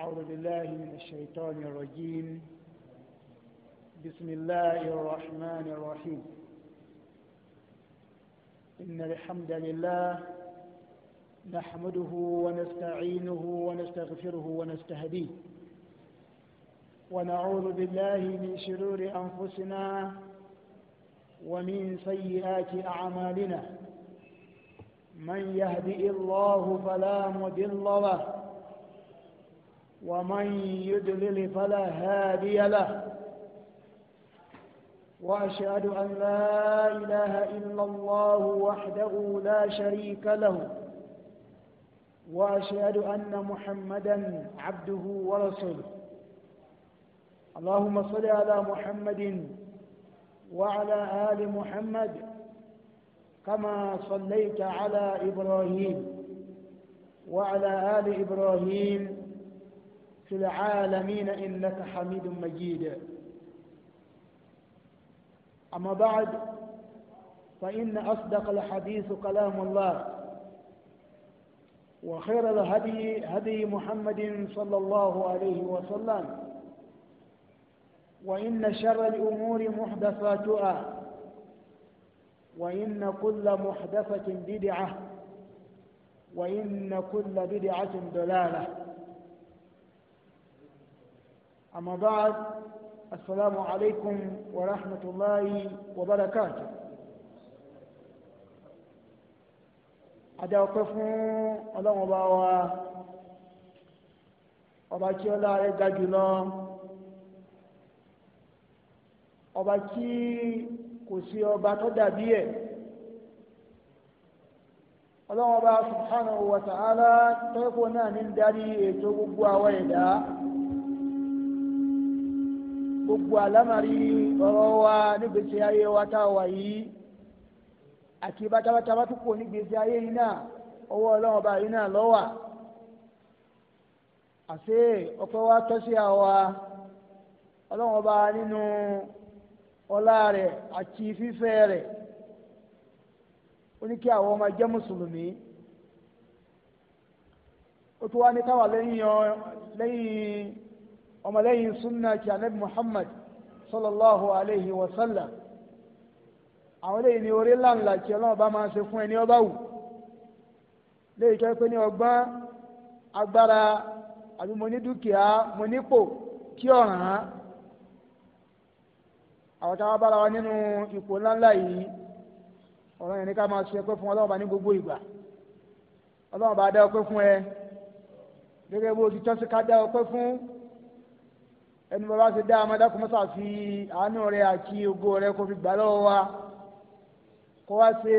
أعوذ بالله من الشيطان الرجيم بسم الله الرحمن الرحيم إن الحمد لله نحمده ونستعينه ونستغفره ونستهديه ونعوذ بالله من شرور أنفسنا ومن سيئات أعمالنا من يهدئ الله فلا مضل له ومن يدلل فلا هادي له وأشهد أن لا إله إلا الله وحده لا شريك له وأشهد أن محمدا عبده ورسوله اللهم صل على محمد وعلى آل محمد كما صليت على إبراهيم وعلى آل إبراهيم في العالمين إنك حميد مجيد أما بعد فإن أصدق الحديث كلام الله وخير الهدي هدي محمد صلى الله عليه وسلم وإن شر الأمور محدثاتها وإن كل محدثة بدعة وإن كل بدعة ضلالة أما بعد السلام عليكم ورحمة الله وبركاته أدعوكم الله وبعوا ọba tí ọlá rẹ̀ ga jùlọ ọba tí kò sí ọba tó dàbí ẹ̀ ọlọ́wọ́n bá subhanahu wa ta'ala tẹ́kọ̀ọ́ náà ní darí ètò gbogbo àwọn ẹ̀dá gbogbo àlámàrí ọ̀rọ̀ wa nígbèsè ayé wa tá a wà yìí àti bátabátá bá tún kò nígbèsè ayé yìí náà ọwọ́ ọlọ́run ọba yìí náà lọ́wà àti ọpẹ́ wa tọ́sí àwa ọlọ́run ọba nínú ọlá rẹ̀ àti fífẹ́ rẹ̀ ó ní kí àwọn ọmọ jẹ́ mùsùlùmí ó tún wá ní káwà lẹ́yìn ọmọlẹ́yìn súnà kí anabi muhammad sallallahu alayhi wa sallam àwọn eléyìí ni orí ńláńlá kí ọlọ́run bá máa ṣe fún ẹni ọba wù léyìí kẹ́ pé ní ọgbọ́n agbára àbí mo ní dúkìá mo nípò kí ọ̀ràn án àwọn táwọn bára wa nínú ipò ńláńlá yìí ọ̀rọ̀ yẹn ni ká máa ṣe pé fún ọlọ́run bá ní gbogbo ìgbà ọlọ́run bá dá ọpẹ́ fún ẹ gẹ́gẹ́ bó ti tọ́ sí ká dá ọpẹ́ fún ẹni bàbá ṣe dá ọmọdé kò mọ́sà fi àánú rẹ̀ àti ògo rẹ̀ kò fi gbà lọ́wọ́ wa kó wá ṣe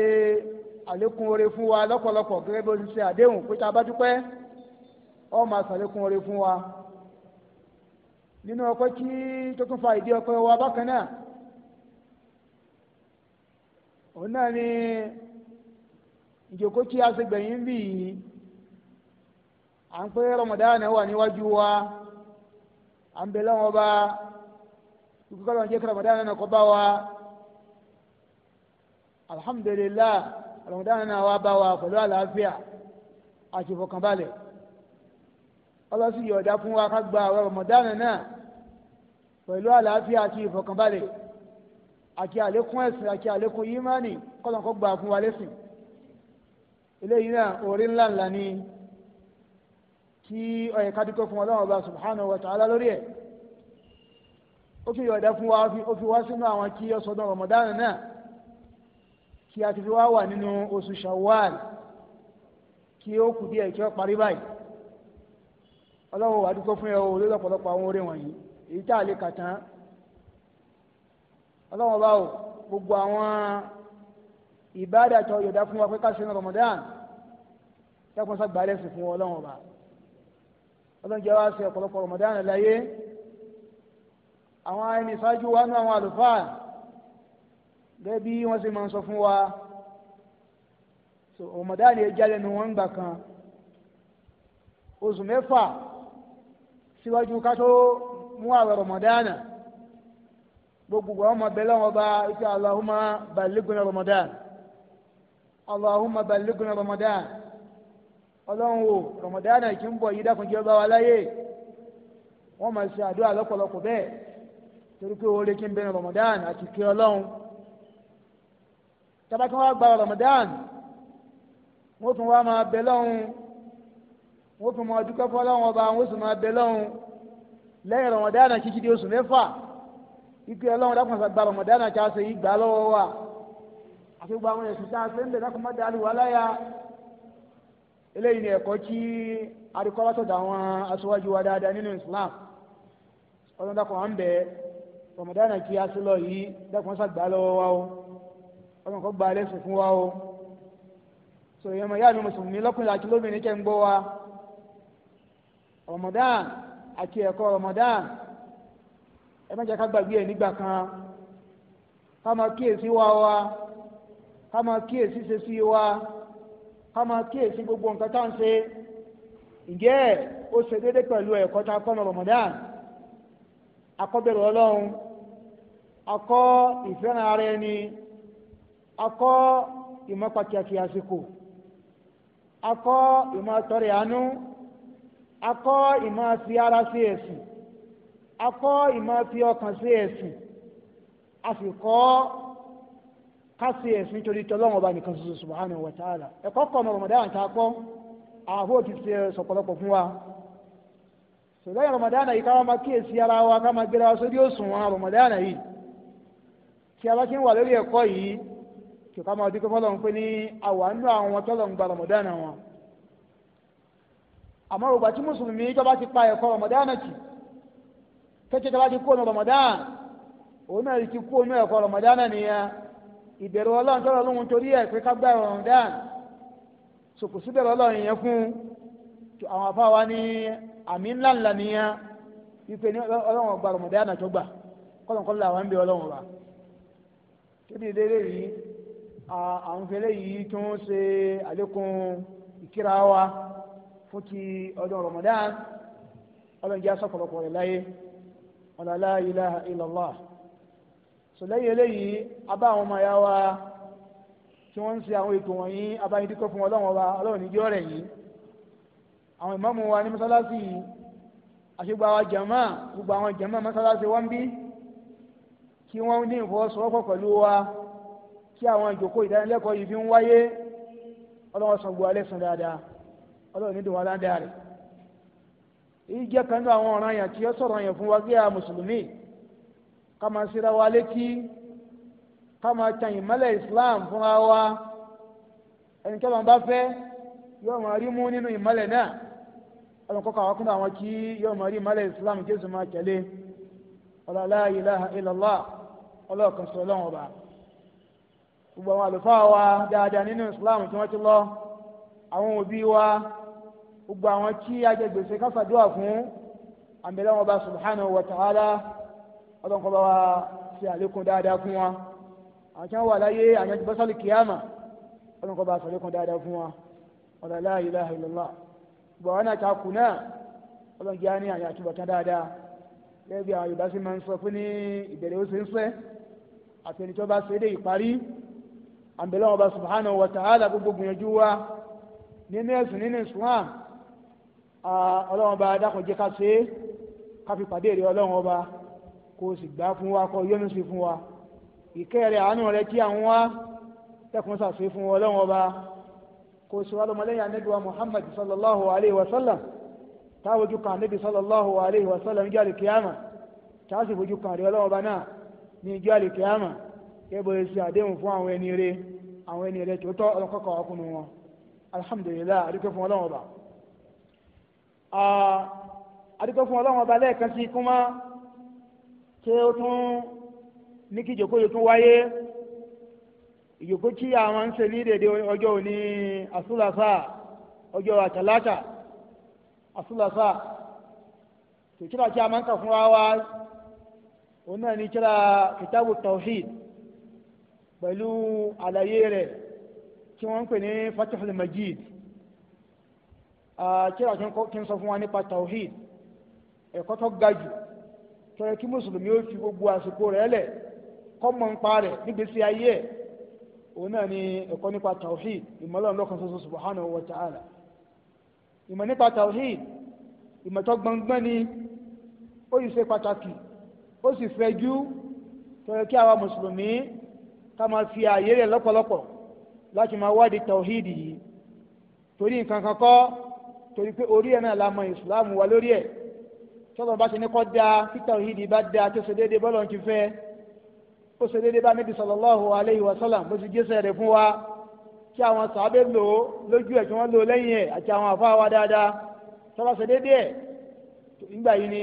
àlékún oore fún wa lọ́pọ̀lọpọ̀ gẹ́gẹ́ bí o ti ṣe àdéhùn pé tá a bá dúpẹ́ ọ máa ṣàlékún oore fún wa nínú ọpẹ́ kí tó tún fa ìdí ọpẹ́ wa bákan náà òun náà ni ìjókòó tí a ṣe gbẹ̀yìn bí yìí à ń pé Ramadan wà níwájú wa. Ni à ń bẹ lọ́wọ́ bá dùkú kọ́lọ́ jẹ́ kí Ramadan náà kọ́ bá wa alhamdulillah Ramadan náà wá bá wa pẹ̀lú àlàáfíà àti ìfọkànbalẹ̀ ọlọ́sì yọ̀ọ̀dá fún wa ká gba àwọn Ramadan náà pẹ̀lú àlàáfíà àti ìfọkànbalẹ̀ àti àlékún ẹ̀sìn àti àlékún yímánì kọ́lọ́n kó gbà fún wa lẹ́sìn Ele náà orí ńláńlá ni tí ó yẹ ká dúpẹ́ fún Ọlọ́run ọba subhanahu wa ta'ala lórí ẹ̀ ó fi yọ̀dá fún wa ó fi wá sínú àwọn kí ọsọdún Ramadan náà kí a ti fi wá wà nínú oṣù Shawwal kí ó kù díẹ̀ kí ó parí báyìí Ọlọ́run wà dúpẹ́ fún ẹ o lórí àwọn oore wọ̀nyí èyí tá a lè kà tán ọba o gbogbo àwọn ìbádàtọ̀ yọ̀dá fún wa pé ká sínú Ramadan yàtọ̀ sàgbà lẹ́sìn fún Ọlọ́run ọba ọlọ́run jẹ́ wá sí ọ̀pọ̀lọpọ̀ Ramadan láyé àwọn ẹni ṣáájú wa nú àwọn àlùfáà gẹ́gẹ́ bí wọ́n ṣe máa ń sọ fún wa Ramadan yẹn jáde nu wọn gbà kan oṣù mẹ́fà síwájú ká tó mú àwẹ̀ Ramadan gbogbo àwọn ọmọ bẹ̀rẹ̀ wọn bá ike Allahumma ballighna Ramadan Allahumma ballighna Ramadan ọlọ́run o rọmọdánà kì ń bọ̀ yìí dákun jẹ́ bá wa láyé wọ́n máa ṣe àdúrà lọ́pọ̀lọpọ̀ bẹ́ẹ̀ torí pé oore kí ń bẹ̀rẹ̀ rọmọdán àti kí ọlọ́run tabakí wọ́n gba rọmọdán wọ́n tún wá máa bẹ lọ́hùn wọ́n tún máa dúpẹ́ fọlọ́hùn ọba wọ́n sì máa bẹ lọ́hùn lẹ́yìn rọmọdán kìkì di oṣù mẹ́fà ikú ọlọ́run dákun àti gba rọmọdán kí a ṣe yìí gbà lọ́wọ́ wa àti gbogbo àwọn ẹ̀sìn tá a ṣe ń bẹ̀ dákun má dàlú wa láyà eléyìí ni ẹ̀kọ́ tí adikọ́látọ̀dọ̀ àwọn aṣáájú wa dáadáa nínú Islam ọdún dàpọ̀ à ń bẹ̀ Ramadan kí a sí lọ yìí dàpọ̀ sàgbà lọ́wọ́ wa o ọdún kan gba alẹ́ sùn fún wa o so ìyẹn mọ̀ yáàbí mùsùlùmí lọ́kùnrin àti lóbìnrin kẹ́ ń gbọ́ wa Ramadan àti ẹ̀kọ́ Ramadan ẹ má jẹ́ ká gbàgbé ẹ̀ nígbà kan ká máa kíyèsí wa wa ká máa kíyèsí ṣe sí wa. ká máa kíyèsí gbogbo nǹkan tá ń ṣe ǹjẹ́ ó ṣe déédéé pẹ̀lú ẹ̀kọ́ tá a kọ́ ní Ramadan akọ́bẹ̀rẹ̀ ọlọ́run akọ́ ìfẹ́ràn ara ẹni akọ́ ìmọ̀ àsìkò akọ́ ìmọ̀ ako àánú akọ́ ara sí ẹ̀sìn akọ́ ìmọ̀ fi ọkàn sí ẹ̀sìn Kasi ẹ̀sìn nítorí tọ́lọ́wọ́n ọba nìkan ṣoṣo subhanahu wa ta'ala ẹ̀kọ́ kọ́ ọmọ ramadan ta kọ́ ààbò ti ṣe sọ̀pọ̀lọpọ̀ fún wa sọ̀lẹ́yìn ramadan yìí ká máa kíyèsí ara wa ká máa gbéra wa sórí òṣùwọ̀n ramadan yìí tí a bá ti ń wà lórí ẹ̀kọ́ yìí kí ká máa dúpẹ́ fọlọ́n pé ní àwa ń lo àwọn tọ́lọ̀ ń gba ramadan wọn àmọ́ ògbà tí mùsùlùmí tó bá ti pa ẹ̀kọ́ ramadan kì kẹ́kẹ́ tó bá ti kó ọ̀nà ramadan òun náà ti kó ọ̀nà ẹ̀kọ́ ramadan nìyẹn ìbẹ̀rù ọlọ́run tọ́lọ́ lóhun torí ẹ̀ pé ká gbà ọ̀run dáàn sòkòsí bẹ̀rù ọlọ́run yẹn fún àwọn afáwa ní àmì ńlá ńlá nìyẹn wípé ní ọlọ́run ọgbà ọ̀run dáàn àjọ gbà kọ́lọ̀kọ́ là wọ́n ń bẹ ọlọ́run wa tóbi délé yìí àwọn fẹlẹ́ yìí tó ń ṣe àlékún ìkíra wa fún ti ọdún Ramadan ọlọ́run jẹ́ asọ́pọ̀lọpọ̀ rẹ̀ láyé ọlọ́lá ilaha illallah sọlẹ́yìn eléyìí abá àwọn ọmọ ya wa tí wọ́n ń ṣe àwọn ètò wọ̀nyí abáyédíkọ́ fún ọlọ́run ọba ọlọ́run níjẹ́ ọ̀rẹ́ yìí àwọn ìmáàmù wa ní mọ́sálásì yìí àṣegbà àwọn jàmá gbogbo àwọn jàmá mọ́sálásì wọn bí kí wọ́n ní ìfọwọ́sowọ́pọ̀ pẹ̀lú wa kí àwọn ìjòkó ìdánilẹ́kọ̀ọ́ yìí fi ń wáyé ọlọ́run sọ̀gbọ́ alẹ́ sàn dáadáa ọlọ́run nídùn wọn rẹ̀ èyí ká máa ṣera wa létí ká máa tan ìmọ́lẹ̀ islam fúnra wa ẹni tó máa bá fẹ́ yóò máa rí mú nínú ìmọ́lẹ̀ náà ọlọ́run kọ́kọ́ àwọn kúndà wọn kí yóò máa rí ìmọ́lẹ̀ islam jésù máa tẹ̀lé ọlọ́lá ilaha illallah ọlọ́ọ̀kan sọ ọlọ́run ọba gbogbo àwọn àlùfáà wa dáadáa nínú islam tí wọ́n ti lọ àwọn òbí wa gbogbo àwọn tí ajẹgbèsè káfàdúrà fún àmì lọ́wọ́ ọba subhanahu wa ta'ala ọlọ́run kó bá wa ṣe àlékún dáadáa fún wa àwọn tí wọ́n wà láyé àwọn tí bọ́sọ̀lì kìámà ọlọ́run kó bá ṣe dáadáa fún wa ọ̀rọ̀ la ilaha illallah bọ̀ wọn náà ta kù náà ọlọ́run jẹ́ àní àyà àtúbọ̀tán dáadáa gẹ́gẹ́ bí àwọn yorùbá sì máa ń sọ fún ní ìbẹ̀rẹ̀ ó ṣe ń fẹ́ àtẹni tó bá ṣe dé ìparí àǹbẹ̀lẹ́ wọn bá subhanahu wa ta'ala gbogbo gbìyànjú wa nínú ẹ̀sùn nínú ìsùn hàn ọlọ́run bá dákọ̀ jẹ́ ká ṣe é ká fi pàdé èrè ọlọ́run ọba kó o sì gbà fún wa kó o yọ́nú sí fún wa ìkẹ́ rẹ̀ àánú rẹ̀ kí àwọn wá tẹkùn sàṣe fún wọn lọ́wọ́ kó o sì wá lọ́mọlẹ́yìn muhammad sallallahu alayhi wa sallam táwọn ojú kan sallallahu alayhi wa sallam jẹ́ àlùkìyàmà táwọn sì kan rẹ̀ lọ́wọ́ bá náà ní ìjọ àlùkìyàmà kébọ̀ èsì àdéhùn fún àwọn ẹni alhamdulilayi adúgbò fún ọlọ́wọ́ ah, adúgbò fún ọlọ́wọ́ lẹ́ẹ̀kan sí ṣé o tún ní kí ìjókòó yìí tún wáyé ìjókòó tí àwọn ń ṣe ní dèdè ọjọ́ òní asúlàsà ọjọ́ àtàlátà asúlàsà tòkìlá tí a máa ń kà fún wa wá òun náà ní kíra kìtàbù tawhid pẹ̀lú àlàyé rẹ̀ tí wọ́n ń pè ní fatihul majid kíra kí n sọ fún wa nípa tawhid ẹ̀kọ́ tó ga jù tó yẹ kí mùsùlùmí ó fi gbogbo àsìkò rẹ̀ lẹ̀ kọ́mọ ń pa rẹ̀ nígbèsí ayé ẹ̀ òun náà ni ẹ̀kọ́ nípa tawhid ìmọ̀lọ́run lọ́kan ṣoṣo subhanahu wa ta'ala ìmọ̀ nípa tawhid ìmọ̀tọ́ gbọ̀ngbọ́n ni ó yìí ṣe pàtàkì ó sì fẹjú tó yẹ kí àwa mùsùlùmí ká máa fi ààyè rẹ̀ lọ́pọ̀lọpọ̀ láti máa wádìí tawhid yìí torí nǹkan kan kọ́ torí pé orí ẹ̀ náà la mọ ìsìláàmù wa lórí ẹ̀ tọ́lọ́ bá ṣe ní kọ́ da títà òhìdì bá da tó ṣe déédéé bọ́lọ̀ ti fẹ́ ó ṣe déédéé bá níbi sallallahu alaihi wasallam bó ti jésẹ̀ rẹ̀ fún wa kí àwọn sàábẹ́ lò ó lójú ẹ̀ kí wọ́n lò ó lẹ́yìn ẹ̀ àti àwọn àfáà wa dáadáa tọ́lọ́ ṣe déédéé ẹ̀ nígbà yìí ni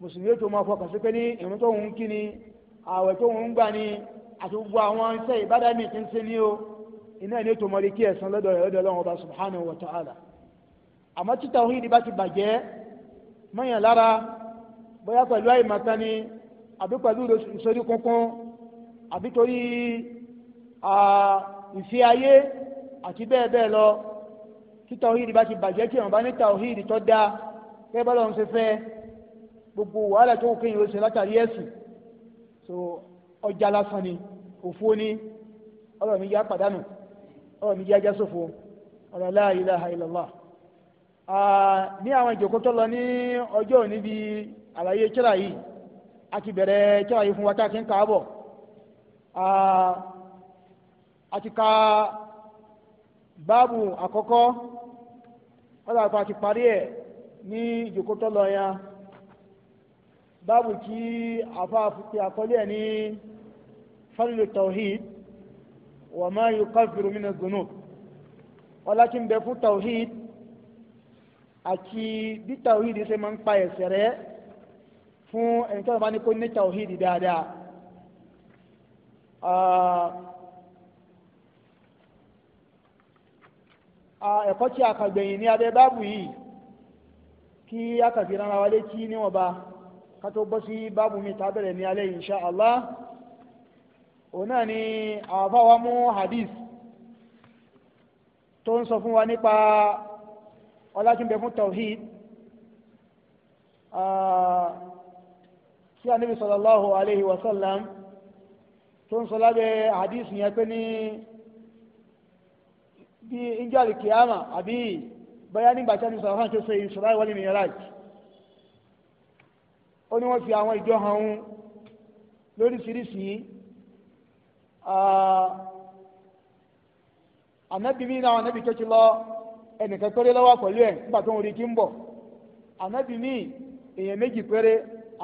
mùsùlùmí yóò tó máa fọkàn pé ní ìrun tó ń kí ni ààwẹ̀ tó ń gbà ni àti gbogbo àwọn iṣẹ́ ìbádàmì mọ́yàn lára bóyá pẹ̀lú àìmọ̀kan ni àbí pẹ̀lú ìsorí kunkun àbí torí ìfẹ́ ayé àti bẹ́ẹ̀ bẹ́ẹ̀ lọ tí tawhidi bá ti bàjẹ́ tí àwọn bá ní tawhidi tó dáa kẹ́ẹ́ bá lọ́n ṣe fẹ́ gbogbo wàhálà tó kéyìn ó ṣe látàrí ẹ̀sìn so ọjà lásán ni òfo ni ọlọ́run mi yá pàdánù ọlọ́run mi yá jásòfo ọ̀rọ̀ la ilaha ní àwọn ìjòkó tó lọ ní ọjọ́ òní bí àlàyé kíra yìí a ti bẹ̀rẹ̀ kíra yìí fún wa tá a ti ń kà bọ̀ a ti ka báàbù àkọ́kọ́ wọ́n dàgbà ti parí ẹ̀ ní ìjòkó tó lọ yẹn báàbù kí àfáàfin ẹ̀ ní fadlu tawhid wa ma yukaffiru min az-zunub wọ́n láti ń bẹ fún tawhid àti bí tàwíìdì ṣe máa ń pa ẹ̀ṣẹ̀ rẹ̀ fún ẹni tó bá ní kó ní tàwíìdì dáadáa ẹ̀kọ́ tí a kà gbẹ̀yìn ní abẹ́ báàbù yìí kí a kà fi rárá wa létí níwọ̀nba ká tó bọ́ sí báàbù mi tá ní alẹ́ insha Allah òun náà ni àwọn afáwa mú hadith tó ń sọ fún wa nípa ọlá tí ń bẹ fún tawhid tí ah, anabi sallallahu alayhi wa sallam tó ń sọ lábẹ́ hadith yẹn pé ní bí injali kiyama àbí bóyá nígbà tí anabi sallallahu alayhi wa sallam ṣe Isra wal Miraj ó ní wọ́n fi àwọn ìjọ hàn ún lóríṣiríṣi anabi ah, mi náà anabi tó ti lọ. ẹnìkan péré lọ́wọ́ pẹ̀lú ẹ̀ nígbà tó ń rí kí ń bọ̀ ànábì míì èèyàn méjì péré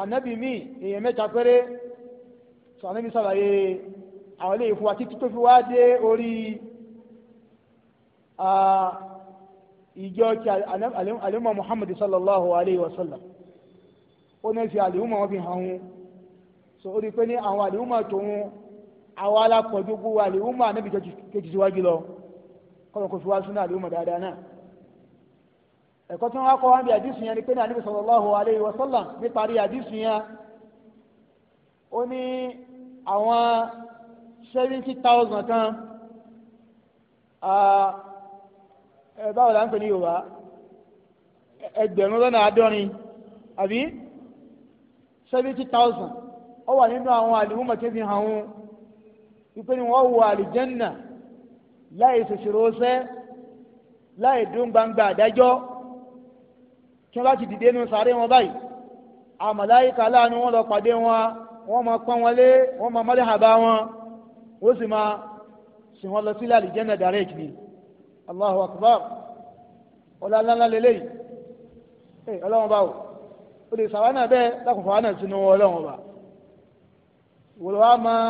ànábì míì èèyàn mẹ́ta péré sọ ànábì sàlàyé àwọn ilé títí tó fi wá dé orí ìjọ sallallahu alayhi wa sallam ó ní fi wọn fi hàn wọn so ó rí i pé ní àwọn àlùmọ̀ tòun àwọn alákọ̀ọ́dógún àlùmọ̀ ànábì kejì síwájú lọ. kọ́lọ̀ fi wá súnà àlùmọ̀ dáadáa náà ẹ̀kọ́ tí bí yẹn ni pé nàbí sallallahu alayhi wa sallam níparí àdìsí yẹn ó ní àwọn seventy thousand kan ẹ báwo la ń pè ní yorùbá ẹgbẹ̀rún lọ́nà àádọ́rin àbí seventy thousand ó wà nínú àwọn àlùmọ̀ láì ṣòṣòro ṣẹ́ láì dún gbangba àdájọ́ tí wọ́n bá ti dìde nu sàárè wọn báyìí àmàláyíkà láàánú wọn lọ pàdé wọn wọn máa pọ́n wọn lé wọn máa mọ́lẹ́ àbá wọn ó sì máa sìn wọn lọ sílẹ̀ àlìjẹ́nà direct ni Allahu akbar ọlọ́lá lélẹ́yìí ẹ ọlọ́wọ́n bá wò ó lè sàwọn náà bẹ́ẹ̀ lákùn náà sínú ọlọ́wọ́n bá wòlò wa máa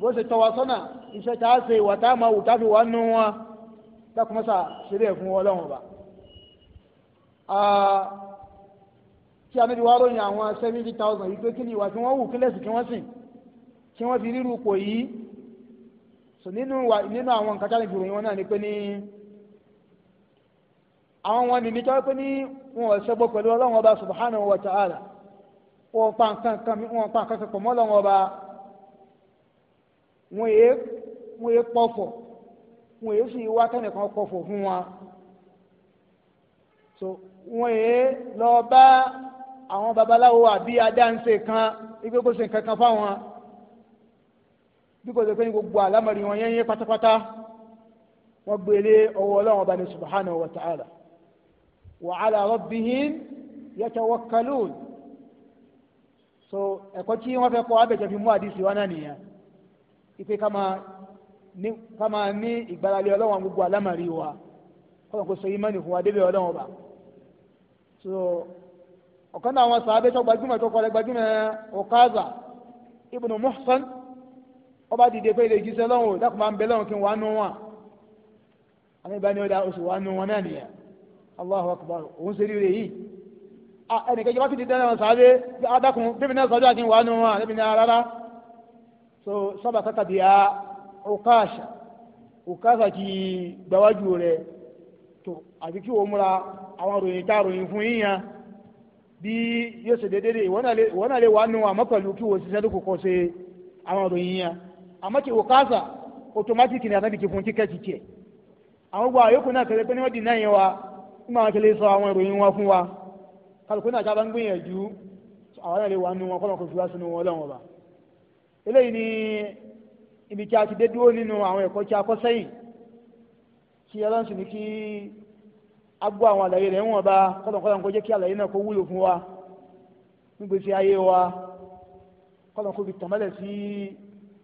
bó ṣe tọ́ wa sọ́nà iṣẹ́ tá a ṣe ìwà tá a máa wù táfi wà nù wọn dákúmọ́sà ṣeré ẹ̀ fún ọlọ́run ọba. tí a níbi wá ròyìn àwọn seventy thousand yìí pé kí ni ìwà tí wọ́n wù kí lẹ́sìn kí wọ́n sìn kí wọ́n fi ríru pò yìí so nínú àwọn nǹkan táwọn ìfìròyìn wọn náà ni pé ní àwọn wọn nìyí tó pé ní wọn ò ṣẹbọ pẹ̀lú ọlọ́run ọba subhanahu wa ta'ala wọn pa nǹkan kan pọ̀ mọ́ ọlọ́run ọba wọn yé wọn yé pọ̀fọ̀ wọn yé sì wá kẹ́nìkan pọ̀fọ̀ fún wa so wọn yé lọ bá àwọn babaláwo àbí adáǹsẹ̀ kan ibi kò sí nǹkan kan fáwọn bí kò sí pé ní gbogbo àlámọ̀rí wọn yẹn yẹn pátápátá wọn gbélé ọwọ́ ọlọ́run ọba ní subhanahu wa ta'ala wa ala rabbihim yatawakkalun so ẹ̀kọ́ tí wọ́n fẹ́ kọ́ abẹ́jẹ́ fi mú àdìsí wa náà nìyẹn. ipe ká máa kama ìgbáralé ọlọ́run àwọn gbogbo alámàrí wa kọ́nà kó so ìmánì fún wa débẹ̀ ọlọ́run ọba so ọ̀kan náà àwọn sàábẹ́ tó gbajúmọ̀ tó kọ́lẹ̀ gbajúmọ̀ ibn Muhsan ọba dìde pé ilé ìjíṣẹ́ lọ́wọ́ dákun máa ń bẹ lọ́wọ́ kí n wà nù wọn àmì ìbáni ọ̀dà oṣù wọn náà nìyẹn akbar òun ṣe yìí náà àti wọn so sabaqaka biha Ukasha Ukasha ti gbawájú rẹ̀ tó àbí kí wọ́n múra àwọn ròyìn tá ròyìn fún yíyan bí yóò ṣe déédéé ìwọ náà lè wà nù àmọ́ pẹ̀lú kí wọ́n ṣiṣẹ́ lóko kọ́ ṣe àwọn ròyìn yẹn àmọ́ kí Ukasha automatic ni àtàkì fún tíkẹ́ẹ̀tì tiẹ̀ àwọn gbogbo àyókù náà kẹlẹ́ pé ní wọ́n dì náà yẹn wa nígbà wọn kẹlẹ́ sọ àwọn ìròyìn wọn fún wa kálukú náà ká bá ń gbìyànjú àwọn náà wà nù wọn kọ́ eléyìí ni ibi tí a ti dé dúró nínú àwọn ẹ̀kọ́ tí a kọ́ sẹ́yìn tí ọlọ́sìn ní kí a gbọ́ àwọn àlàyé rẹ̀ wọ́n bá kọ́lọ̀kọ́lọ̀ kó jẹ́ kí àlàyé náà kó wúlò fún wa nígbèsè ayé wa kọ́lọ̀ fi tàmálẹ̀ sí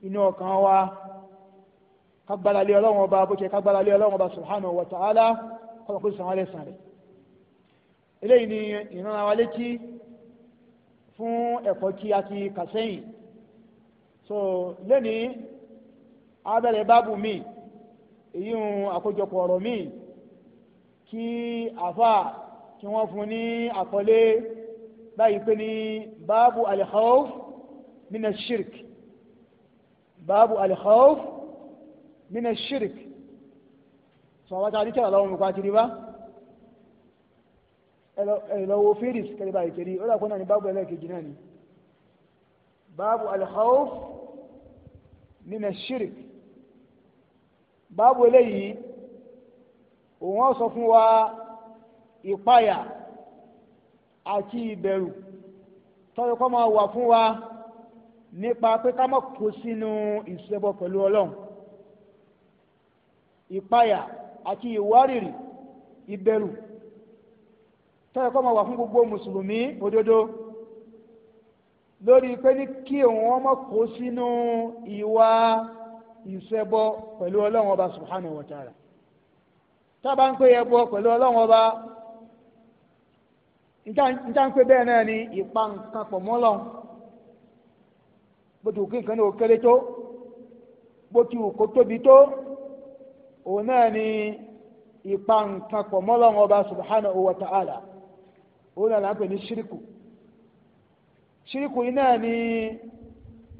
inú ọkàn wa kagbalalẹ̀ ọlọ́wọ́n ọba bó ṣe kagbalalẹ̀ ọlọ́wọ́n ọba sàn rẹ̀ eléyìí ni fún ẹ̀kọ́ tí a so lẹ́nìí abẹ́rẹ́ báàbù mi èyí ń àkójọpọ̀ ọ̀rọ̀ mi kí àfa kí wọ́n fún ní àkọlé báyìí pé ní báàbù al-khawf min ash-shirk báàbù al-khawf min ash-shirk sọ wá tá a ní kí àlọ́ òun kó àti rí bá ẹlọ́wọ́ fíris ó dà kó náà ní báàbù ẹlẹ́kejì náà ni báàbù al nínú ṣírì báwo eléyìí òun ó sọ fún wa ìpayà àti ìbẹ̀rù tọ́jú kọ́ máa wà fún wa nípa pé ká má kó sínú ìṣẹ́bọ pẹ̀lú ọlọ́run ìpayà àti ìwárìrì ìbẹ̀rù tọ́jú kọ́ máa wà fún gbogbo mùsùlùmí òdodo. lórí pé ní kí òun ọmọ kó sínú ìwà ìṣẹbọ pẹ̀lú ọlọ́run ọba subhanahu wa ta'ala tábà ń pè ẹbọ pẹ̀lú ọlọ́run ọba níta ń pè bẹ́ẹ̀ náà ni ìpa nǹkan pọ̀ mọ́ bó ti wù nǹkan náà kéré tó ọba subhanahu wa ta'ala òun náà ṣíríkù iná ni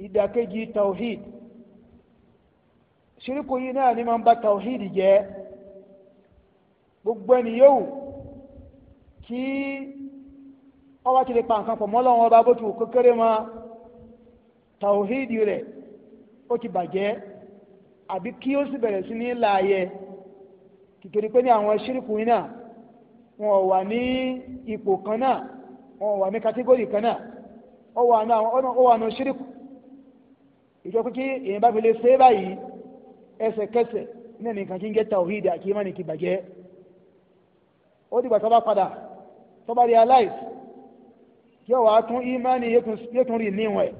ìdàkejì tawhid ṣíríkù yìí náà ni máa ń ba tawhid jẹ́ gbogbo ènìyàn kí ọba ti lè pa nǹkan pọ̀ mọ́lọ́wọ́ ọba bó ti wù kékeré ma tawhid rẹ̀ ó ti bàjẹ́ àbí kí ó sì bẹ̀rẹ̀ sí ní láàyè kìkìrì pé ní àwọn ṣíríkù iná wọn wà ní ipò kan náà wọn wà ní kátígórì kan náà ó wà ní àwọn ọ̀nà ó wà ní ṣíríkù ìjọ pé kí èèyàn bá fi lè ṣe é báyìí ẹsẹ̀kẹsẹ̀ ní nìkan kí ń gẹ́ tàwíìdì àti ìmọ̀ nìkì bàjẹ́ ó dìgbà tó bá padà tó bá realize yóò wá tún ìmánì yékun rí níwọ̀n ẹ̀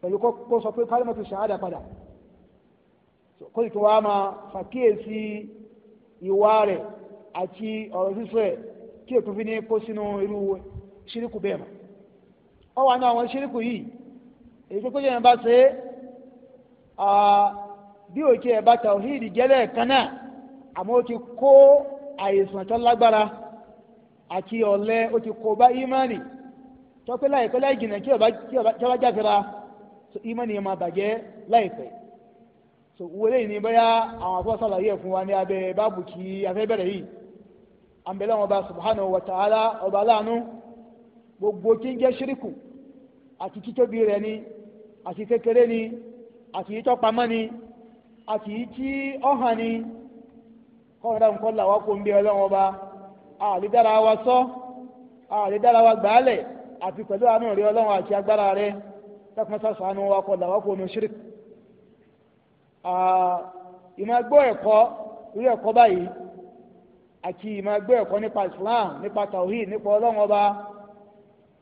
pẹ̀lú kó sọ pé kálímọ̀tì ṣàhádà padà kó sì tún wá máa fàkíyèsí ìwà rẹ̀ àti ọ̀rọ̀ sísọ ẹ̀ kí èkó fi ní kó sínú irú ṣíríkù bẹ́ẹ̀ mọ́ ọ wà ní àwọn ṣíríkù yìí èyí tó kọjá yẹn bá ṣe bí òkè ẹ̀ bá tawhid gẹ́lẹ́ kan náà àmọ́ ó ti kó àìsàn tó lágbára àti ọ̀lẹ ó ti kó bá ímánì tọ́pẹ́ láìpẹ́ láì jìnnà kí ọba jáfẹ́ra ímánì yẹn máa bàjẹ́ láìpẹ́ so wọlé yìí ni bóyá àwọn afọ́ sàlàyé fún wa ní abẹ́ báàbù kí afẹ́ yìí àǹbẹ̀lẹ́ wọn bá subhanahu wa ta'ala ọba aláàánú gbogbo kí ń jẹ́ ṣíríkù àti títóbi rẹ̀ ni àti kékeré ni àti yìí tọ́pamọ́ ni àti yìí tí ọ̀hàn ni kọ́ńdà nǹkan là wá kó ń bí ọlọ́run ọba àlédára wa sọ àlédára wa gbàálẹ̀ àti pẹ̀lú àánú rẹ ọlọ́run àti agbára rẹ tẹ́kọ̀ọ́sá sànú wa kọ́ là wá kó nu ṣírì. ìmọ̀ ẹgbọ́ ẹ̀kọ́ irú ẹ̀kọ́ báyìí àti ìmọ̀ ẹ̀kọ́ nípa Islam nípa tawhid nípa ọlọ́run ọba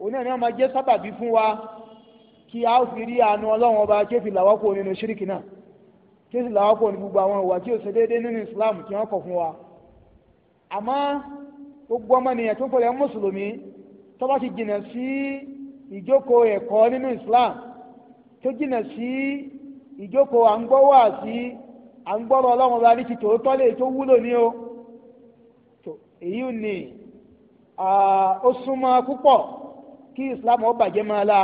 òun náà ni wọ́n sábàbí fún wa kí a fi rí àánú ọlọ́run ọba kí èsì làwọn kò nínú ṣíríkì náà kí èsì ní gbogbo àwọn ìwà tí ò ṣe déédéé nínú Islam tí wọ́n kọ̀ fún wa àmọ́ gbogbo ọmọnìyàn tó ń pẹ̀lẹ́ mùsùlùmí tó bá ti jìnnà sí ìjókòó ẹ̀kọ́ nínú Islam tó jìnnà sí ìjókòó à ń gbọ́ wá sí à ń gbọ́rọ̀ ọlọ́run ọba ní ti tòótọ́ lè tó wúlò ní o èyí ni ó súnmọ́ púpọ̀ kí islam ó bàjẹ́ máa la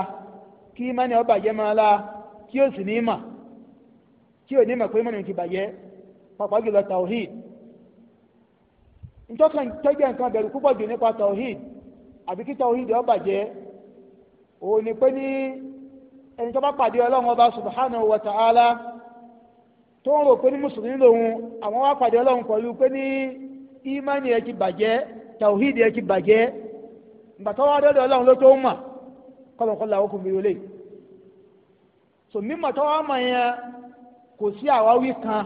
kí imani ó bàjẹ́ máa la kí ó sì ní mà kí ò ní mà pé imani ti bàjẹ́ pàpà jùlọ tawhid ntọ́kàn tọ́jú nǹkan bẹ̀rù púpọ̀ jù nípa tawhid àbí kí tawhid ó bàjẹ́ òun ni pé ní ẹni tó bá pàdé ọlọ́run ọba subhanahu wa ta'ala tó ń rò pé ní mùsùlùmí lòun àwọn wá pàdé ọlọ́run pẹ̀lú pé ní imani ẹ ti bàjẹ́ tawhid ẹ ti bàjẹ́ gbàtọ́ wá dọ́dọ̀ ọlọ́run ló tó ń mà kọ́lọ̀kọ́lọ̀ àwọn okùnrin olè so mímọ̀ tó wá mọ̀ yẹn kò sí àwáwí kan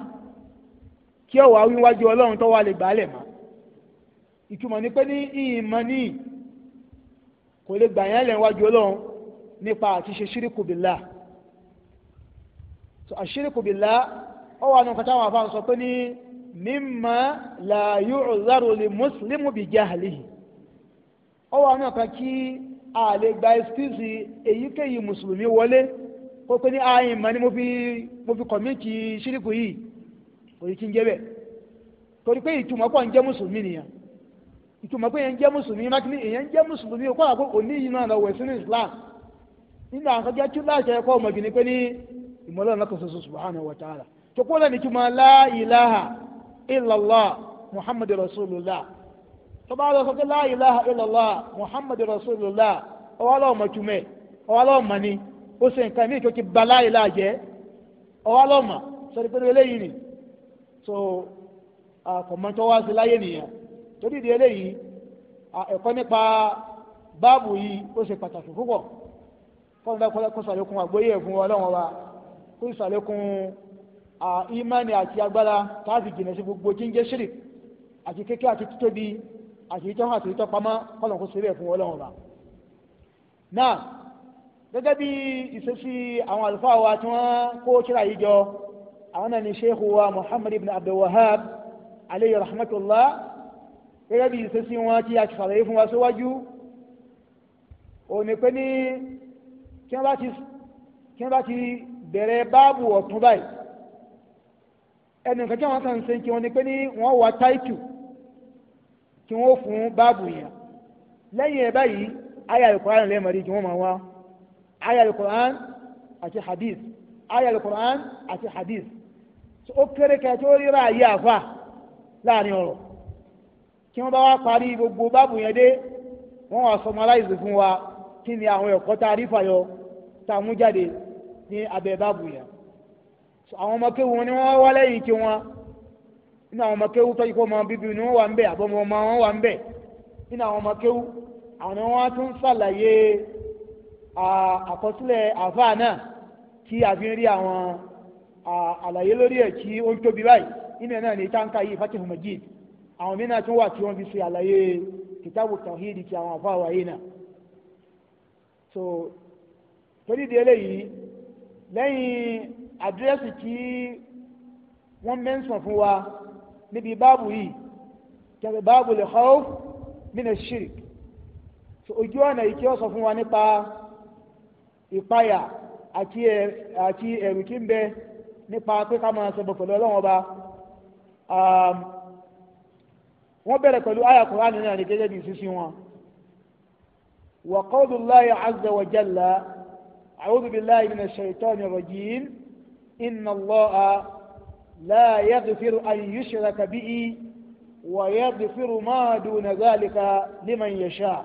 kí ọ̀wá wíwájú ọlọ́run tó wà lè gbálẹ̀ mọ́ ìtumọ̀ ni pé ní ìmọ̀ ní kò lè gbà yẹn lẹ́yìn wájú ọlọ́run nípa àti ṣe ṣíríkù bìlá so àṣíríkù bìlá ọ wà nǹkan táwọn afáàn sọ pé ní mímọ̀ la yu'zaru li muslimu bi jahlihi ó wà náà kan kí a lè gba ẹsikúùsì èyíkéyìí mùsùlùmí wọlé kó pé ní ààyìn ni mo fi mo fi kọ̀míìtì ṣíríkù yìí kò yìí ti ń jẹ́ bẹ́ẹ̀ torí pé ìtumọ̀ pọ̀ ń jẹ́ mùsùlùmí nìyẹn ìtumọ̀ pé èèyàn ń jẹ́ mùsùlùmí mákìní èèyàn ń jẹ́ mùsùlùmí kó àkókò òní yìí náà lọ wẹ̀ sínú Islam nínú àwọn akọ́jọ́ tí láṣẹ ẹ̀kọ́ ọmọdé ni pé ní ìmọ̀lẹ́ ọ̀nà kan ṣoṣo rasulullah tọba lọ sọ pé la ilaha illallah muhammadu rasulillah ọwọ́ lọ́wọ́ mọ̀túmẹ̀ ọwọ́ lọ́wọ́ mọ̀ ni ó sì nǹkan mí ìkókè ba la ilaha jẹ́ ọwọ́ lọ́wọ́ mọ̀ sọ̀rọ̀ pé eléyìí ni so àkọ̀mọ́tọ́ wá sí láyé nìyẹn torí di eléyìí ẹ̀kọ́ nípa báàbù yìí ó ṣe pàtàkì púpọ̀ kọ́ńdà kó sàlékún àgbóyè ẹ̀fún ọlọ́wọ́n wa kó sàlékún ìmánì àti agbára táàfì jìnnà sí gbogbo jíjẹ́ ṣírì àti kékeré àti títóbi àti ìtọ́ àti ìtọ́ pamọ́ kọ́lọ̀ kó sílẹ̀ fún ọlọ́run bá. náà gẹ́gẹ́ bí ìṣesí àwọn àlùfáà wa tí wọ́n kó kíra yìí jọ àwọn náà ni sheikh wa muhammad ibn abdul wahab alayhi rahmatullah gẹ́gẹ́ bí ìṣesí wọn tí a ti sàlàyé fún wa síwájú òní pé ní kí wọ́n bá ti bẹ̀rẹ̀ báàbù ọ̀tún báyìí ẹnì kí wọ́n kàn ń sẹ́ńkì wọn ni pé ní wọ́n wà táìtù tí wọ́n fún báàbù yẹn lẹ́yìn ẹ̀ báyìí aya alukur'an lè mọ̀rí tí wọ́n máa wá aya alukur'an àti hadith aya alukur'an àti hadith ó kéré kẹ́ tó ríra ayé àfa láàrin ọ̀rọ̀ kí wọ́n bá wá parí gbogbo báàbù yẹn dé wọ́n wá sọmaláìsì fún wa kí ni àwọn ẹ̀kọ́ tá a rí fàyọ tá a mú jáde ní abẹ́ báàbù yẹn àwọn ọmọ kéwọn ni wọ́n wá lẹ́yìn kí wọ́n nínú àwọn ọmọ kéwú tọ́jú pé ọmọ bíbí ni wọ́n wà ń bẹ̀ àbọ̀ ọmọ wọn wà ń bẹ̀ nínú àwọn ọmọ kéwú àwọn ni a tún ṣàlàyé àkọsílẹ̀ àfáà náà kí àfihàn rí àwọn àlàyé lórí ẹ̀ kí ó ń tóbi báyìí nínú ẹ̀ náà ni táǹkà yìí Fatihul Majid àwọn mìíràn tún wà tí wọ́n fi ṣe àlàyé kìtàbù tàwíìdì ti àwọn àfáà wáyé náà so torí di eléyìí lẹ́yìn àdírẹ́sì tí wọ́n mẹ́ńsàn fún wa níbi báàbù yìí tàbí báàbù lè khawf min ash-shirk so ojú ọ̀nà yìí kí ó sọ fún wa nípa ìpayà àti àti ẹ̀rù kí ń bẹ nípa pé ká máa ṣẹbọ pẹ̀lú Ọlọ́run ọba wọ́n bẹ̀rẹ̀ pẹ̀lú àyà Kùránì náà ní gẹ́gẹ́ bí sísí wọn wa qawlullahi azza wa jalla a'udhu billahi minash shaitani rajim inna Allaha. لا يغفر أن يشرك به ويغفر ما دون ذلك لمن يشاء